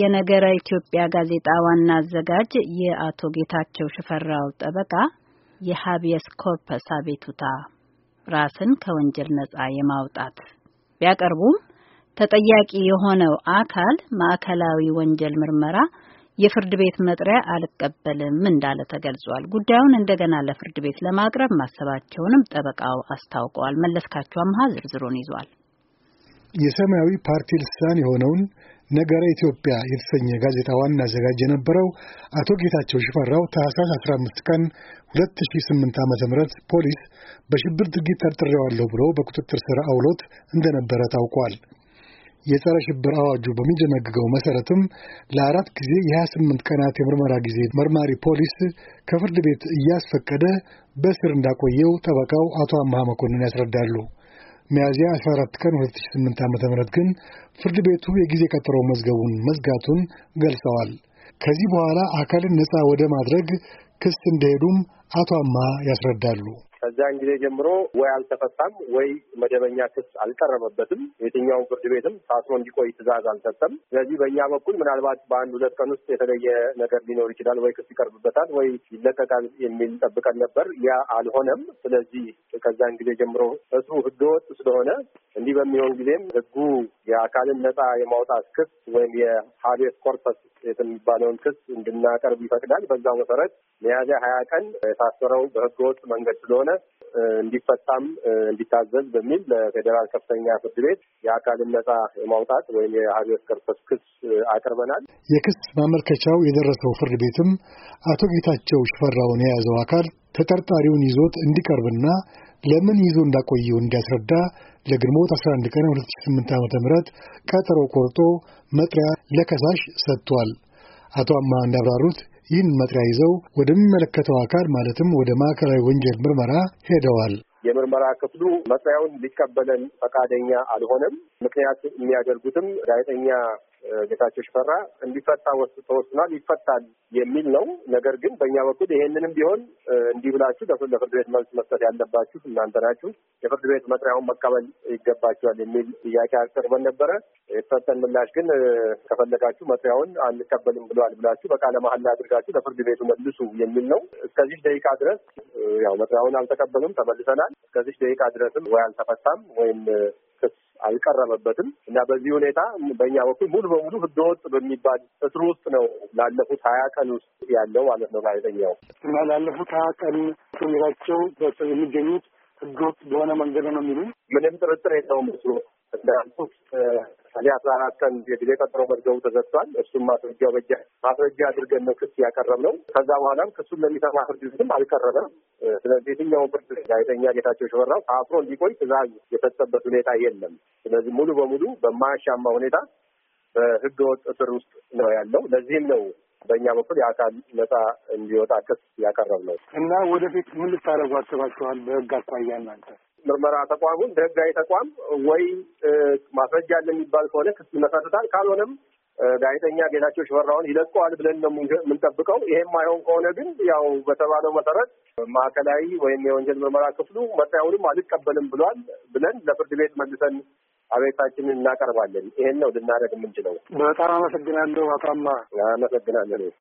የነገረ ኢትዮጵያ ጋዜጣ ዋና አዘጋጅ የአቶ ጌታቸው ሽፈራው ጠበቃ የሀቢየስ ኮርፐስ አቤቱታ ራስን ከወንጀል ነጻ የማውጣት ቢያቀርቡም ተጠያቂ የሆነው አካል ማዕከላዊ ወንጀል ምርመራ የፍርድ ቤት መጥሪያ አልቀበልም እንዳለ ተገልጿል። ጉዳዩን እንደገና ለፍርድ ቤት ለማቅረብ ማሰባቸውንም ጠበቃው አስታውቀዋል። መለስካቸው አምሃ ዝርዝሩን ይዟል። የሰማያዊ ፓርቲ ልሳን የሆነውን ነገረ ኢትዮጵያ የተሰኘ ጋዜጣ ዋና አዘጋጅ የነበረው አቶ ጌታቸው ሽፈራው ታህሳስ 15 ቀን 2008 ዓ ም ፖሊስ በሽብር ድርጊት ጠርጥሬዋለሁ ብሎ በቁጥጥር ስር አውሎት እንደነበረ ታውቋል። የጸረ ሽብር አዋጁ በሚደነግገው መሰረትም ለአራት ጊዜ የ28 ቀናት የምርመራ ጊዜ መርማሪ ፖሊስ ከፍርድ ቤት እያስፈቀደ በስር እንዳቆየው ጠበቃው አቶ አምሃ መኮንን ያስረዳሉ። ሚያዝያ 14 ቀን 2008 ዓ ም ግን ፍርድ ቤቱ የጊዜ ቀጠሮ መዝገቡን መዝጋቱን ገልጸዋል። ከዚህ በኋላ አካልን ነፃ ወደ ማድረግ ክስ እንደሄዱም አቶ አማ ያስረዳሉ። ከዚያን ጊዜ ጀምሮ ወይ አልተፈታም ወይ መደበኛ ክስ አልቀረበበትም። የትኛውን ፍርድ ቤትም ታስሮ እንዲቆይ ትእዛዝ አልሰጠም። ስለዚህ በእኛ በኩል ምናልባት በአንድ ሁለት ቀን ውስጥ የተለየ ነገር ሊኖር ይችላል፣ ወይ ክስ ይቀርብበታል፣ ወይ ይለቀቃል የሚል ጠብቀን ነበር። ያ አልሆነም። ስለዚህ ከዛን ጊዜ ጀምሮ እሱ ህገወጥ ስለሆነ እንዲህ በሚሆን ጊዜም ህጉ የአካልን ነጻ የማውጣት ክስ ወይም የሀቤስ ኮርፐስ የሚባለውን ክስ እንድናቀርብ ይፈቅዳል። በዛው መሰረት ሚያዝያ ሀያ ቀን የታሰረው በህገወጥ መንገድ ስለሆነ እንዲፈታም እንዲታዘዝ በሚል ለፌዴራል ከፍተኛ ፍርድ ቤት የአካልን ነጻ የማውጣት ወይም የሀቤስ ኮርፐስ ክስ አቅርበናል። የክስ ማመልከቻው የደረሰው ፍርድ ቤትም አቶ ጌታቸው ሽፈራውን የያዘው አካል ተጠርጣሪውን ይዞት እንዲቀርብና ለምን ይዞ እንዳቆየው እንዲያስረዳ ለግንቦት 11 ቀን 2008 ዓ ም ቀጠሮ ቆርጦ መጥሪያ ለከሳሽ ሰጥቷል። አቶ አማ እንዳብራሩት ይህን መጥሪያ ይዘው ወደሚመለከተው አካል ማለትም ወደ ማዕከላዊ ወንጀል ምርመራ ሄደዋል። የምርመራ ክፍሉ መጥሪያውን ሊቀበለን ፈቃደኛ አልሆነም። ምክንያት የሚያደርጉትም ጋዜጠኛ ጌታቸው ሽፈራ እንዲፈታ ተወስኗል፣ ይፈታል የሚል ነው። ነገር ግን በእኛ በኩል ይሄንንም ቢሆን እንዲህ ብላችሁ ለፍርድ ቤት መልስ መስጠት ያለባችሁ እናንተ ናችሁ፣ የፍርድ ቤት መጥሪያውን መቀበል ይገባችኋል የሚል ጥያቄ አቅርበን ነበረ። የተሰጠን ምላሽ ግን ከፈለጋችሁ መጥሪያውን አንቀበልም ብለዋል ብላችሁ በቃለ መሀል አድርጋችሁ ለፍርድ ቤቱ መልሱ የሚል ነው። እስከዚህ ደቂቃ ድረስ ያው መጥሪያውን አልተቀበሉም፣ ተመልሰናል። እስከዚህ ደቂቃ ድረስም ወይ አልተፈታም ወይም ክስ አልቀረበበትም እና በዚህ ሁኔታ በእኛ በኩል ሙሉ በሙሉ ህገወጥ በሚባል እስር ውስጥ ነው ላለፉት ሀያ ቀን ውስጥ ያለው ማለት ነው ጋዜጠኛው እና ላለፉት ሀያ ቀን ስሜታቸው የሚገኙት ህገወጥ በሆነ መንገድ ነው የሚሉ ምንም ጥርጥር የለውም። እስሩ እንዳልኩት ለምሳሌ አስራ አራት ቀን ጊዜ ቀጠሮ መዝገቡ ተዘግቷል። እሱም ማስረጃ በጃ ማስረጃ አድርገን ነው ክስ ያቀረብ ነው። ከዛ በኋላም ክሱን ለሚሰማ ፍርድ ቤትም አልቀረበም። ስለዚህ የትኛውን ፍርድ ጋዜጠኛ ጌታቸው ሽፈራው አፍሮ እንዲቆይ ትእዛዝ የሰጠበት ሁኔታ የለም። ስለዚህ ሙሉ በሙሉ በማያሻማ ሁኔታ በህገወጥ እስር ውስጥ ነው ያለው። ለዚህም ነው በእኛ በኩል የአካል ነጻ እንዲወጣ ክስ ያቀረብ ነው እና ወደፊት ምን ልታደረጉ አስባችኋል? በህግ አኳያ እናንተ ምርመራ ተቋሙን በህጋዊ ተቋም ወይ ማስረጃ አለ የሚባል ከሆነ ክስ ይመሰርታል። ካልሆነም ጋዜጠኛ ጌታቸው ሽፈራውን ይለቀዋል ብለን ነው የምንጠብቀው። ይሄም አይሆን ከሆነ ግን ያው በተባለው መሰረት ማዕከላዊ ወይም የወንጀል ምርመራ ክፍሉ መታየውንም አልቀበልም ብሏል ብለን ለፍርድ ቤት መልሰን አቤታችንን እናቀርባለን። ይሄን ነው ልናደርግ የምንችለው። በጣም አመሰግናለሁ። አቶ አማ አመሰግናለሁ።